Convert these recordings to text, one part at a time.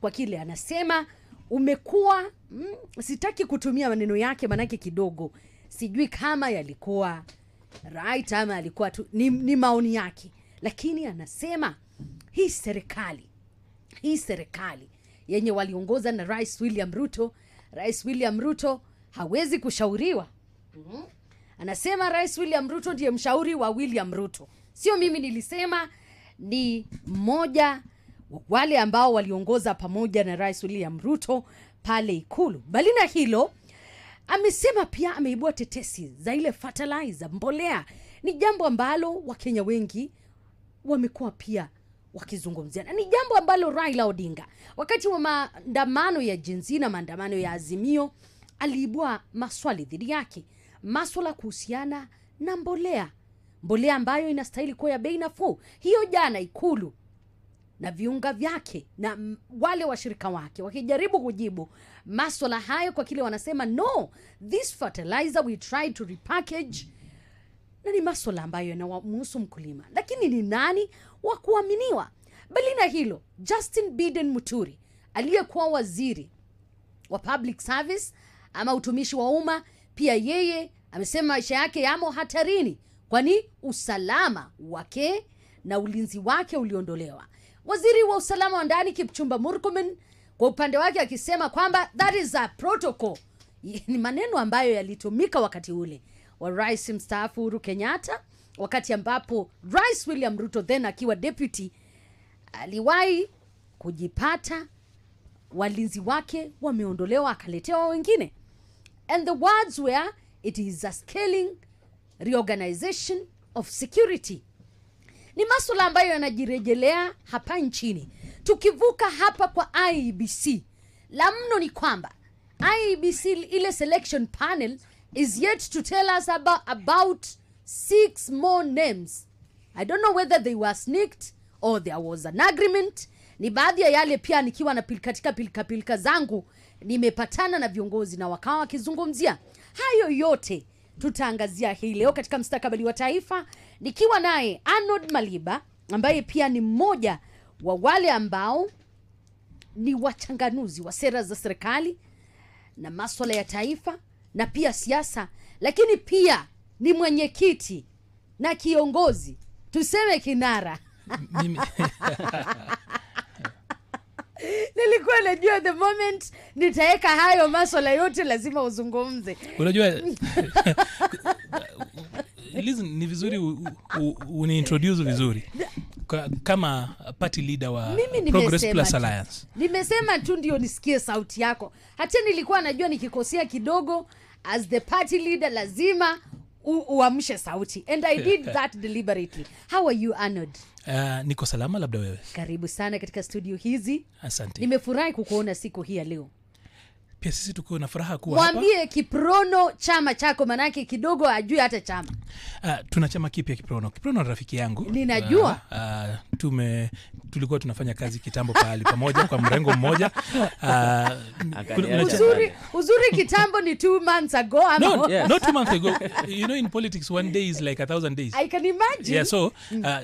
kwa kile anasema umekuwa mm, sitaki kutumia maneno yake manake kidogo sijui kama yalikuwa right ama yalikuwa tu ni, ni maoni yake lakini anasema hii serikali hii serikali yenye waliongoza na rais william ruto rais william ruto hawezi kushauriwa mm-hmm. anasema rais william ruto ndiye mshauri wa william ruto sio mimi nilisema ni moja wale ambao waliongoza pamoja na Rais William Ruto pale Ikulu. Bali na hilo, amesema pia ameibua tetesi za ile fertilizer, mbolea. Ni jambo ambalo Wakenya wengi wamekuwa pia wakizungumzia na ni jambo ambalo Raila Odinga wakati wa maandamano ya jinsi na maandamano ya Azimio aliibua maswali dhidi yake, maswala kuhusiana na mbolea, mbolea ambayo inastahili kuwa ya bei nafuu. Hiyo jana Ikulu na viunga vyake na wale washirika wake wakijaribu kujibu maswala hayo kwa kile wanasema no this fertilizer we try to repackage na ni maswala ambayo yanamhusu mkulima lakini ni nani wa kuaminiwa bali na hilo justin biden muturi aliyekuwa waziri wa public service ama utumishi wa umma pia yeye amesema maisha yake yamo hatarini kwani usalama wake na ulinzi wake uliondolewa Waziri wa usalama wa ndani Kipchumba Murkomen kwa upande wake akisema kwamba that is a protocol. Ni maneno ambayo yalitumika wakati ule wa rais mstaafu Uhuru Kenyatta, wakati ambapo Rais William Ruto then akiwa deputy aliwahi kujipata walinzi wake wameondolewa, akaletewa wengine, and the words were it is a scaling reorganization of security ni maswala ambayo yanajirejelea hapa nchini. Tukivuka hapa kwa IBC la mno ni kwamba IBC ile selection panel is yet to tell us about, about six more names. I don't know whether they were sneaked or there was an agreement. Ni baadhi ya yale pia nikiwa na pilka, katika pilka, pilka zangu nimepatana na viongozi na wakawa wakizungumzia hayo yote tutaangazia hii leo katika mstakabali wa taifa nikiwa naye Arnold Maliba ambaye pia ni mmoja wa wale ambao ni wachanganuzi wa sera za serikali na maswala ya taifa na pia siasa, lakini pia ni mwenyekiti na kiongozi, tuseme kinara nilikuwa najua the moment nitaweka hayo maswala yote lazima uzungumze. Unajua lizi ni vizuri uniintroduce vizuri kama party leader wa Progress Plus Alliance. Nimesema tu ndio nisikie sauti yako. Hata nilikuwa najua nikikosea kidogo as the party leader lazima uamshe sauti and I did that deliberately. How are you Arnold? Uh, niko salama, labda wewe? Karibu sana katika studio hizi. Asante. Nimefurahi kukuona siku hii ya leo pia sisi tukiwa na furaha kuwa mwambie kiprono chama chako manake kidogo ajui hata chama uh, tuna chama kipya kiprono kiprono rafiki yangu ninajua uh, uh, tume tulikuwa tunafanya kazi kitambo pahali pamoja kwa mrengo mmoja uh, uzuri, uzuri kitambo ni two months ago ama no, yes. not two months ago you know in politics one day is like a thousand days i can imagine yeah, so uh,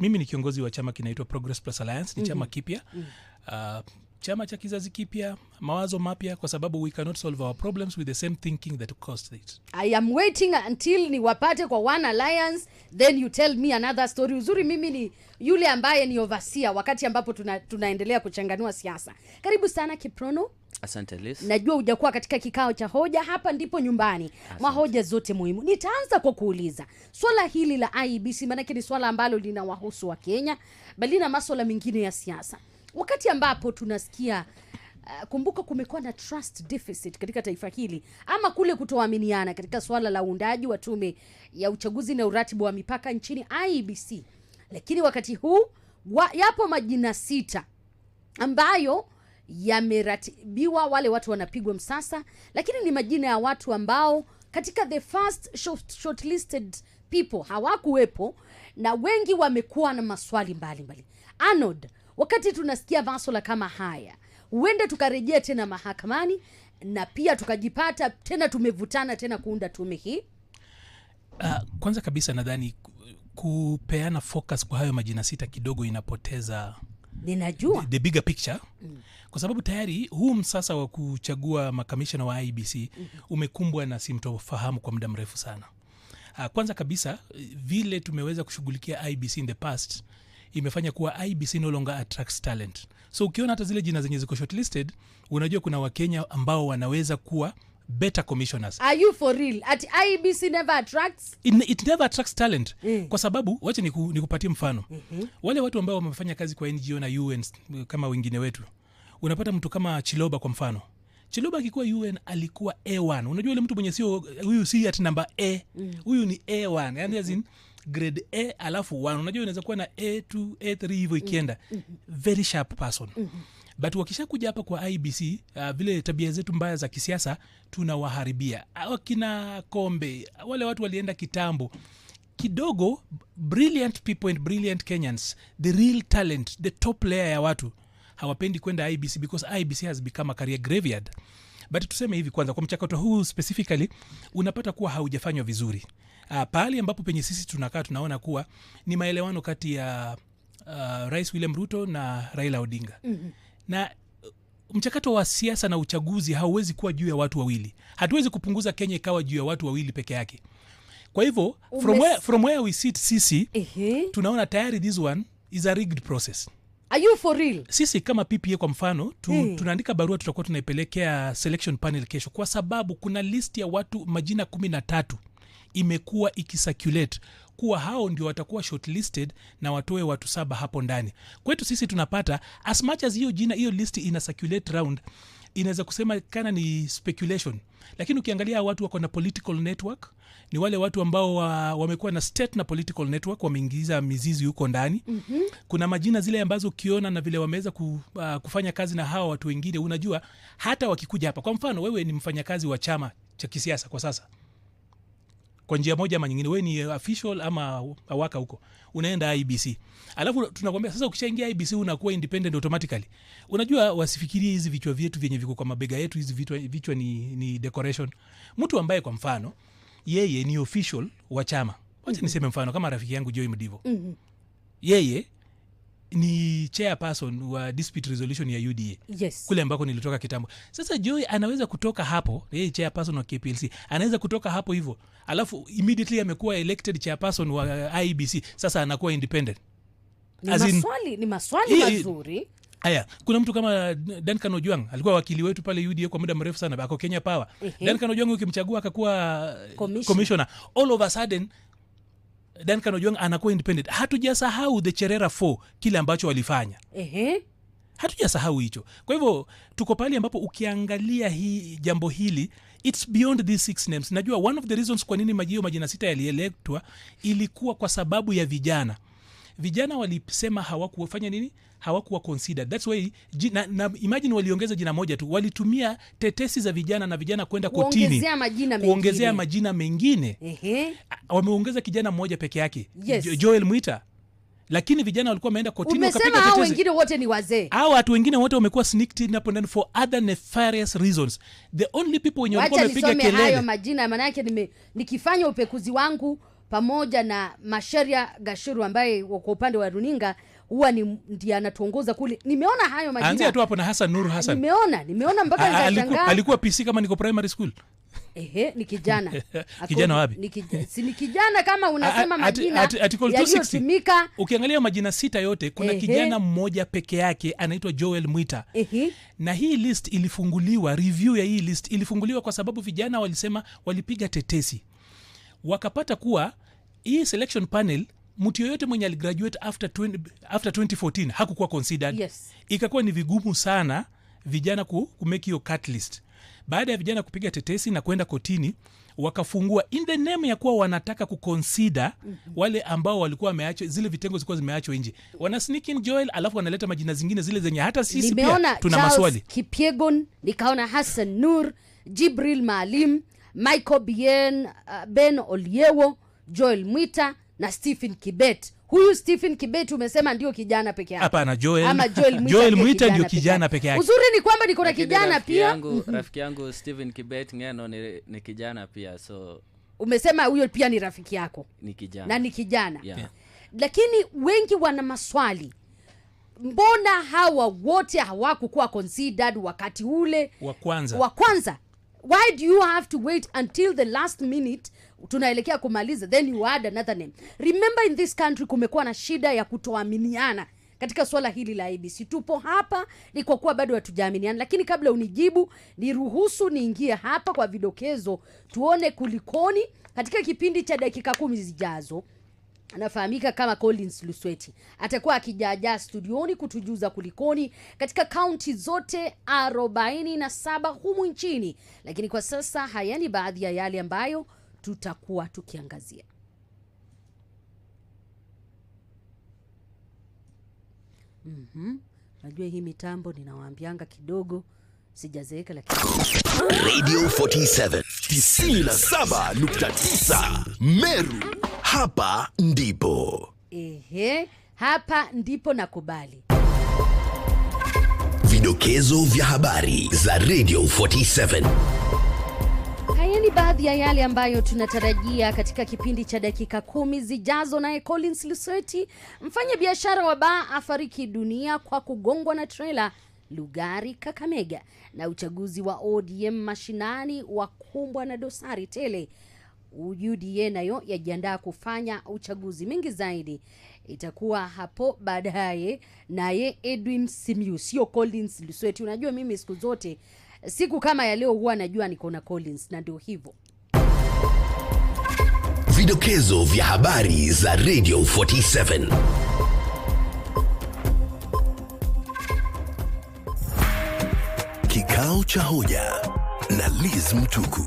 mimi ni kiongozi wa chama kinaitwa progress plus alliance ni chama mm-hmm. kipya mm-hmm. uh, chama cha kizazi kipya mawazo mapya kwa sababu we cannot solve our problems with the same thinking that caused it i am waiting until niwapate kwa one alliance then you tell me another story uzuri mimi ni yule ambaye ni overseer wakati ambapo tuna, tunaendelea kuchanganua siasa karibu sana kiprono asante Liz. najua hujakuwa katika kikao cha hoja hapa ndipo nyumbani mahoja zote muhimu nitaanza kwa kuuliza swala hili la ibc maanake ni swala ambalo linawahusu wa kenya bali na maswala mengine ya siasa wakati ambapo tunasikia uh, kumbuka kumekuwa na trust deficit katika taifa hili ama kule kutoaminiana katika suala la uundaji wa tume ya uchaguzi na uratibu wa mipaka nchini IEBC, lakini wakati huu wa, yapo majina sita ambayo yameratibiwa, wale watu wanapigwa msasa, lakini ni majina ya watu ambao katika the first short, shortlisted people hawakuwepo na wengi wamekuwa na maswali mbalimbali mbali. Arnold wakati tunasikia maswala kama haya huenda tukarejea tena mahakamani na pia tukajipata tena tumevutana tena kuunda tume hii uh, kwanza kabisa nadhani kupeana focus kwa hayo majina sita kidogo inapoteza ninajua the bigger picture mm. kwa sababu tayari huu msasa wa kuchagua makamishna wa ibc mm. Mm-hmm. umekumbwa na simtofahamu kwa muda mrefu sana ah, kwanza kabisa eh, vile tumeweza kushughulikia ibc in the past imefanya kuwa ibc no longer attracts talent so ukiona hata zile jina zenye ziko shortlisted unajua kuna wakenya ambao wanaweza kuwa better commissioners are you for real at ibc never attracts it, it never attracts talent mm. kwa sababu wache ni, ku, ni nikupatie mfano mm-hmm. wale watu ambao wamefanya kazi kwa ngo na un kama wengine wetu unapata mtu kama chiloba kwa mfano chiloba akikuwa un alikuwa a1 unajua ule mtu mwenye sio huyu si at number a mm. huyu mm. ni a1 yani mm-hmm grade a alafu one unajua inaweza kuwa na a2 a3 hivyo ikienda mm-hmm. very sharp person mm-hmm but wakishakuja hapa kwa ibc uh, vile tabia zetu mbaya za kisiasa tunawaharibia uh, wakina kombe wale watu walienda kitambo kidogo brilliant people and brilliant kenyans the real talent the top layer ya watu hawapendi kwenda ibc because ibc has become a career graveyard but tuseme hivi kwanza kwa mchakato huu specifically unapata kuwa haujafanywa vizuri uh, pahali ambapo penye sisi tunakaa tunaona kuwa ni maelewano kati ya uh, rais william ruto na raila odinga mm-hmm. na uh, mchakato wa siasa na uchaguzi hauwezi kuwa juu ya watu wawili hatuwezi kupunguza kenya ikawa juu ya watu wawili peke yake kwa hivyo from where, from where we sit sisi uh-huh. tunaona tayari this one is a rigged process Are you for real? sisi kama ppa kwa mfano tu, hmm. tunaandika barua tutakuwa tunaipelekea selection panel kesho kwa sababu kuna list ya watu majina kumi na tatu imekuwa ikisaculate kuwa hao ndio watakuwa shortlisted na watoe watu saba hapo ndani kwetu sisi tunapata as much as hiyo jina hiyo list ina circulate round inaweza kusema kana ni speculation lakini ukiangalia watu wako na political network ni wale watu ambao wa, wamekuwa na state na political network wameingiza mizizi huko ndani mm-hmm. kuna majina zile ambazo ukiona na vile wameweza ku, uh, kufanya kazi na hawa watu wengine unajua hata wakikuja hapa kwa mfano wewe ni mfanyakazi wa chama cha kisiasa kwa sasa kwa njia moja ama nyingine, wewe ni eh, official ama awaka huko, unaenda IBC. Alafu tunakwambia sasa, ukishaingia IBC unakuwa independent automatically. Unajua, wasifikirie hizi vichwa vyetu vyenye viko kwa mabega yetu, hizi vichwa, vichwa ni, ni decoration. Mtu ambaye kwa mfano yeye ni official wa chama, wacha mhm. niseme mfano kama rafiki yangu Joy Mdivo, mhm. yeye ni chairperson wa dispute resolution ya UDA yes. kule ambako nilitoka kitambo. Sasa Joy anaweza kutoka hapo, yeye chairperson wa KPLC anaweza kutoka hapo hivyo, alafu immediately amekuwa elected chairperson wa IBC, e sasa anakuwa independent. Ni maswali, in, ni maswali hii, mazuri Haya, kuna mtu kama Duncan Ojwang alikuwa wakili wetu pale UDA kwa muda mrefu sana, ako Kenya Power. Duncan Ojwang ukimchagua akakuwa commissioner, all of a sudden Duncan Ojwang anakuwa independent. Hatujasahau the Cherera 4 kile ambacho walifanya. Ehe. Hatujasahau hicho. Kwa hivyo tuko pale ambapo ukiangalia hii jambo hili it's beyond these six names. Najua one of the reasons kwa nini majio majina sita yalielektwa ilikuwa kwa sababu ya vijana vijana walisema hawakufanya nini hawakuwa considered that's why jina, na imagine waliongeza jina moja tu walitumia tetesi za vijana na vijana kwenda kotini kuongezea majina mengine, wameongeza kijana mmoja peke yake yes. Joel Mwita lakini vijana walikuwa wameenda kotini wote ni wazee, hao watu wengine wote wamekuwa sneaked hapo ndani for other nefarious reasons. The only people wenye walikuwa wamepiga kelele hayo majina, maana yake nikifanya upekuzi wangu pamoja na masharia Gashuru ambaye kwa upande wa runinga huwa ni ndiye anatuongoza kule. Nimeona hayo majina. Anzia tu hapo na Hassan Nur Hassan. Nimeona, nimeona mpaka nikashangaa. Alikuwa PC kama niko primary school. Ehe, ni kijana. kijana wapi? Ni kijana, si ni kijana kama unasema a, majina. Article 260. Ukiangalia majina sita yote kuna Ehe. kijana mmoja peke yake anaitwa Joel Mwita. Ehe. Na hii list ilifunguliwa, review ya hii list ilifunguliwa kwa sababu vijana walisema walipiga tetesi wakapata kuwa hii selection panel mtu yoyote mwenye aligraduate after, 20, after 2014 hakukuwa considered yes. ikakuwa ni vigumu sana vijana kumeki hiyo list baada ya vijana kupiga tetesi na kwenda kotini wakafungua in the name ya kuwa wanataka kuconsider mm-hmm. wale ambao walikuwa wameachwa zile vitengo zilikuwa zimeachwa nje wana sneaking joel alafu wanaleta majina zingine zile zenye hata sisi pia tuna maswali kipiegon nikaona hassan nur jibril maalim Michael Bien, uh, Ben Oliewo, Joel Mwita na Stephen Kibet. Huyu Stephen Kibet umesema ndio kijana peke yake. Hapana, Joel. Ama Joel Mwita, Joel Mwita ndio kijana peke yake. Uzuri ni kwamba niko na kijana pia. Yangu, rafiki yangu Stephen Kibet ngeno ni, ni kijana pia. So umesema huyo pia ni rafiki yako. Ni kijana. Na ni kijana. Yeah. Yeah. Lakini wengi wana maswali mbona hawa wote hawakukuwa considered wakati ule wa kwanza wa kwanza why do you have to wait until the last minute tunaelekea kumaliza then you add another name remember in this country kumekuwa na shida ya kutoaminiana katika swala hili la ABC. Tupo hapa ni kwa kuwa bado hatujaaminiana, lakini kabla unijibu, niruhusu niingie hapa kwa vidokezo, tuone kulikoni katika kipindi cha dakika kumi zijazo anafahamika kama Collins Lusweti atakuwa akijaja studioni kutujuza kulikoni katika kaunti zote 47 humu nchini, lakini kwa sasa haya ni baadhi ya yale ambayo tutakuwa tukiangazia. Mhm. Najua mm -hmm. Hii mitambo ninawaambianga kidogo sijazeeka lakiniradio 47979 Meru, hapa ndipo ehe, hapa ndipo nakubali. Vidokezo vya habari za Radio 47. ni baadhi ya yale ambayo tunatarajia katika kipindi cha dakika kumi zijazo. Naye Collins Lusweti, mfanya biashara wa baa afariki dunia kwa kugongwa na trela Lugari Kakamega na uchaguzi wa ODM mashinani wakumbwa na dosari tele. UDA nayo yajiandaa kufanya uchaguzi mingi zaidi, itakuwa hapo baadaye. Naye Edwin Simiu, sio Collins Lusweti. Unajua mimi siku zote, siku kama ya leo huwa najua niko na Collins, na ndio hivyo. Vidokezo vya habari za Radio 47 Kikao cha hoja na Liz Mtuku.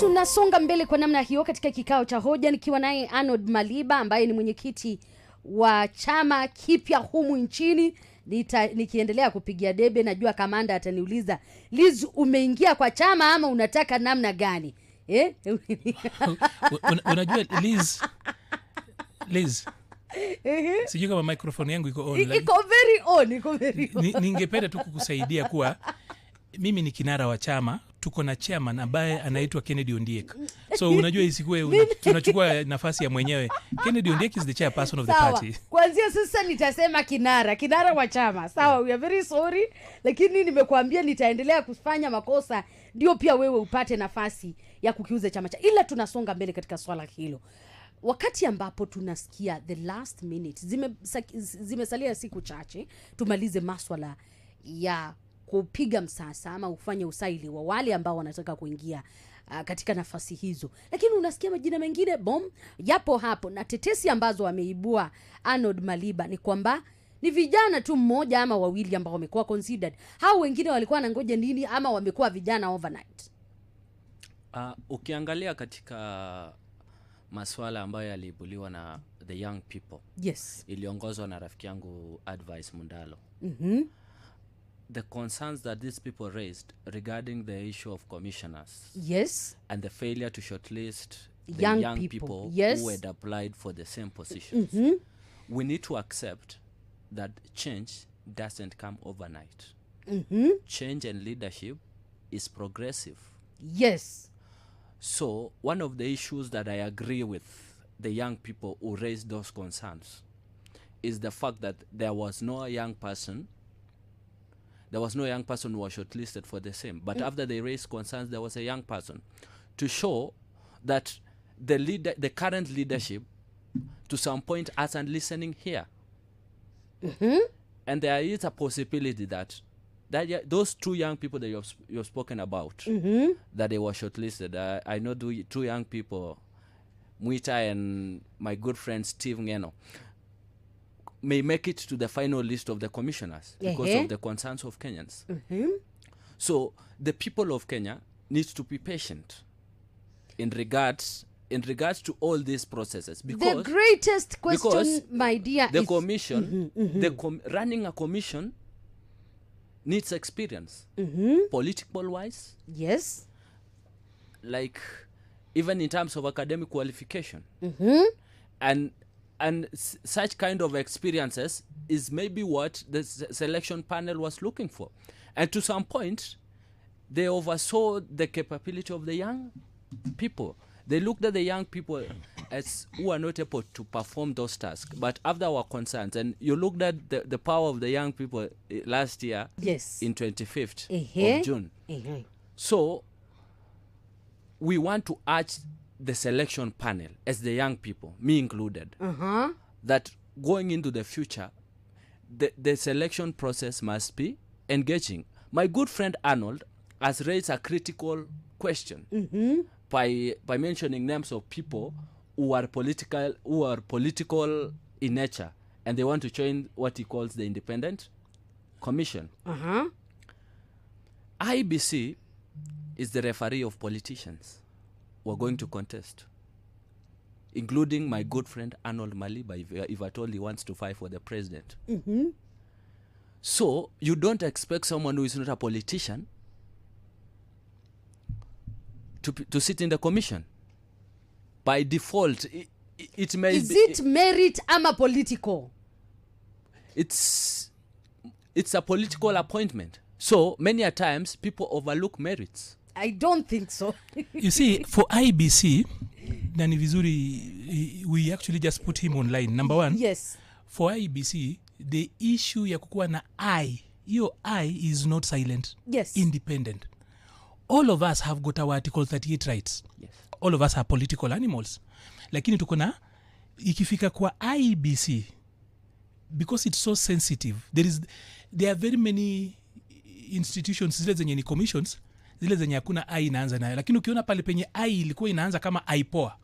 Tunasonga mbele kwa namna hiyo katika kikao cha hoja, nikiwa naye Arnold Maliba ambaye ni mwenyekiti wa chama kipya humu nchini. Nita, nikiendelea kupigia debe, najua kamanda ataniuliza Liz, umeingia kwa chama ama unataka namna gani eh? Unajua Liz, Liz sijui kama microphone yangu iko on, iko very on, iko very on. ningependa tu kukusaidia kuwa mimi ni kinara wa chama tuko na chairman ambaye anaitwa kennedy ondiek so unajua isikue una, tunachukua nafasi ya mwenyewe kennedy ondiek is the chairperson of the sawa. party kuanzia sasa nitasema kinara kinara wa chama sawa we are very sorry lakini nimekuambia nitaendelea kufanya makosa ndio pia wewe upate nafasi ya kukiuza chama cha ila tunasonga mbele katika swala hilo wakati ambapo tunasikia the last minute zimesalia zime siku chache tumalize maswala ya kupiga msasa ama ufanye usaili wa wale ambao wanataka kuingia uh, katika nafasi hizo, lakini unasikia majina mengine bom yapo hapo, na tetesi ambazo wameibua Arnold Maliba ni kwamba ni vijana tu mmoja ama wawili ambao wamekuwa considered. Hao wengine walikuwa na ngoja nini ama wamekuwa vijana overnight? Uh, ukiangalia katika maswala ambayo yaliibuliwa na the young people yes. iliongozwa na rafiki yangu Advice Mundalo mm -hmm. the concerns that these people raised regarding the issue of commissioners yes. and the failure to shortlist the young, young people, people yes. who had applied for the same positions mm -hmm. we need to accept that change doesn't come overnight mm -hmm. change and leadership is progressive yes So, one of the issues that I agree with the young people who raised those concerns is the fact that there was no young person there was no young person who was shortlisted for the same. But mm. after they raised concerns, there was a young person to show that the leader, the current leadership, to some point, has not listening here. Mm -hmm. And there is a possibility that that those two young people that you've you've spoken about mm-hmm. that they were shortlisted. Uh, I know two, two young people, Muita and my good friend Steve Ngeno, may make it to the final list of the commissioners yeah. because of uh-huh. the concerns of Kenyans. Mm-hmm. So the people of Kenya needs to be patient in regards in regards to all these processes because the greatest question my dear the commission mm-hmm. mm-hmm, the com- running a commission needs experience mm-hmm. political wise yes like even in terms of academic qualification mm-hmm. and and such kind of experiences is maybe what the selection panel was looking for and to some point they oversaw the capability of the young people they looked at the young people as who are not able to perform those tasks. But after our concerns, and you looked at the, the power of the young people eh, last year, yes, in 25th uh -huh. of June. Uh -huh. So we want to urge the selection panel as the young people, me included, uh -huh. that going into the future, the, the selection process must be engaging. My good friend Arnold has raised a critical question mm -hmm. by by mentioning names of people who are political who are political in nature and they want to join what he calls the independent commission uh-huh. ibc is the referee of politicians who are going to contest including my good friend arnold maliba if, uh, if at all he wants to fight for the president mm-hmm. so you don't expect someone who is not a politician to, to sit in the commission by default it, it may is it merit ama political it's it's a political appointment so many a times people overlook merits i don't think so you see for ibc nani vizuri we actually just put him online number one yes for ibc the issue ya kukuwa na i hiyo i is not silent yes independent all of us have got our article 38 rights yes all of us are political animals lakini tuko na ikifika kwa ibc because it's so sensitive there is there are very many institutions zile zenye ni commissions zile zenye hakuna ai inaanza nayo lakini ukiona pale penye ai ilikuwa inaanza kama ipoa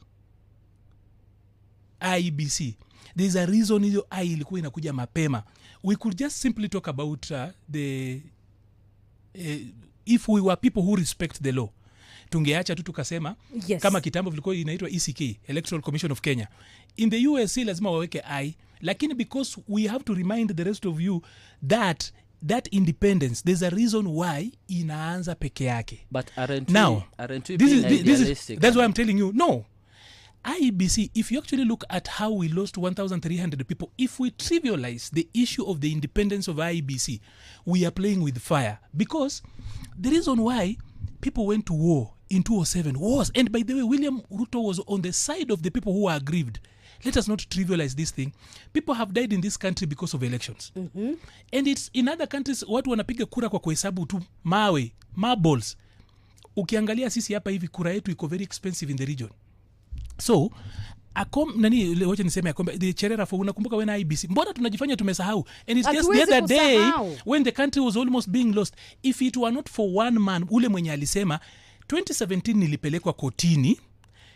ibc there is a reason hiyo ai ilikuwa inakuja mapema we could just simply talk about uh, the uh, if we were people who respect the law tungeacha tu tukasema yes. kama kitambo vilikuwa inaitwa ECK Electoral Commission of Kenya in the us lazima waweke i lakini because we have to remind the rest of you that that independence there's a reason why inaanza peke yake but aren't now we, aren't we this is, this is, that's why i'm telling you no IBC, if you actually look at how we lost 1,300 people, if we trivialize the issue of the independence of IBC, we are playing with fire. Because the reason why people went to war in 207 was and by the way william ruto was on the side of the people who are aggrieved let us not trivialize this thing people have died in this country because of elections mm -hmm. and it's in other countries watu wanapiga kura kwa kuhesabu tu mawe marbles ukiangalia sisi hapa hivi kura yetu iko very expensive in the region so akom nani wacha niseme akombe the cherera for unakumbuka when IBC mbona tunajifanya tumesahau and it's just the other day when the country was almost being lost if it were not for one man ule mwenye alisema 2017 nilipelekwa kotini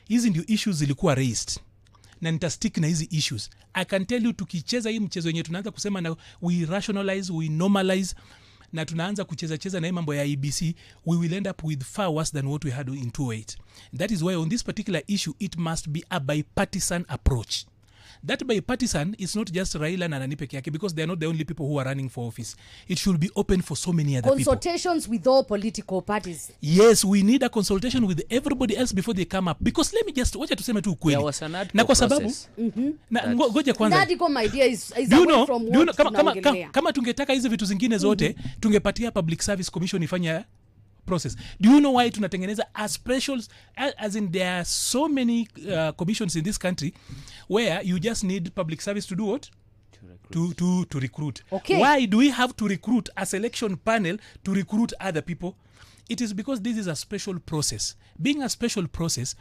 hizi ndio issues zilikuwa raised na nitastick na hizi issues i can tell you tukicheza hii mchezo wenyewe tunaanza kusema na we rationalize we normalize na tunaanza kucheza cheza na hii mambo ya abc we will end up with far worse than what we had in 28 that is why on this particular issue it must be a bipartisan approach that bipartisan is not just Raila na Nani peke yake because they are not the only people who are running for office. It should be open for so many other consultations people. with all political parties. Yes, we need a consultation with everybody else before they come up because let me just wacha tuseme tu ukweli. Na kwa sababu mm -hmm. na ngoja kwanza. That iko my dear is, is you know, from you know, kama, kama, kama, kama tungetaka hizi vitu zingine zote mm -hmm. tungepatia public service commission ifanya process do you know why tunatengeneza a special as in there are so many uh, commissions in this country where you just need public service to do what to, to, to recruit. Okay. Why do we have to recruit a selection panel to recruit other people? It is because this is a special process. Being a special process,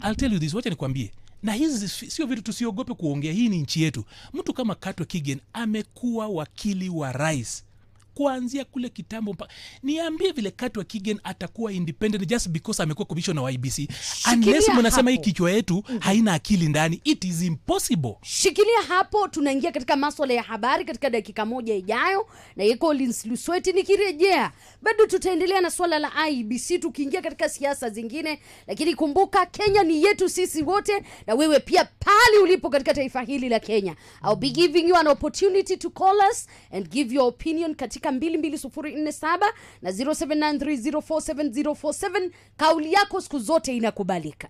I'll tell you this, wacha nikwambie na hizi sio vitu tusiogope kuongea. Hii ni nchi yetu. Mtu kama Katwe Kigen amekuwa wakili wa rais kuanzia kule kitambo mpaka niambie vile Katwa Kigen atakuwa independent just because amekuwa commissioner wa IBC unless mnasema hii kichwa yetu mm -hmm. haina akili ndani it is impossible. Shikilia hapo, tunaingia katika masuala ya habari katika dakika moja ijayo, na yeko lins Lusweti. Nikirejea bado tutaendelea na swala la IBC tukiingia katika siasa zingine, lakini kumbuka Kenya ni yetu sisi wote, na wewe pia pale ulipo katika taifa hili la Kenya. I'll be giving you an opportunity to call us and give your opinion katika andika 22047 na 0793047047. Kauli yako siku zote inakubalika.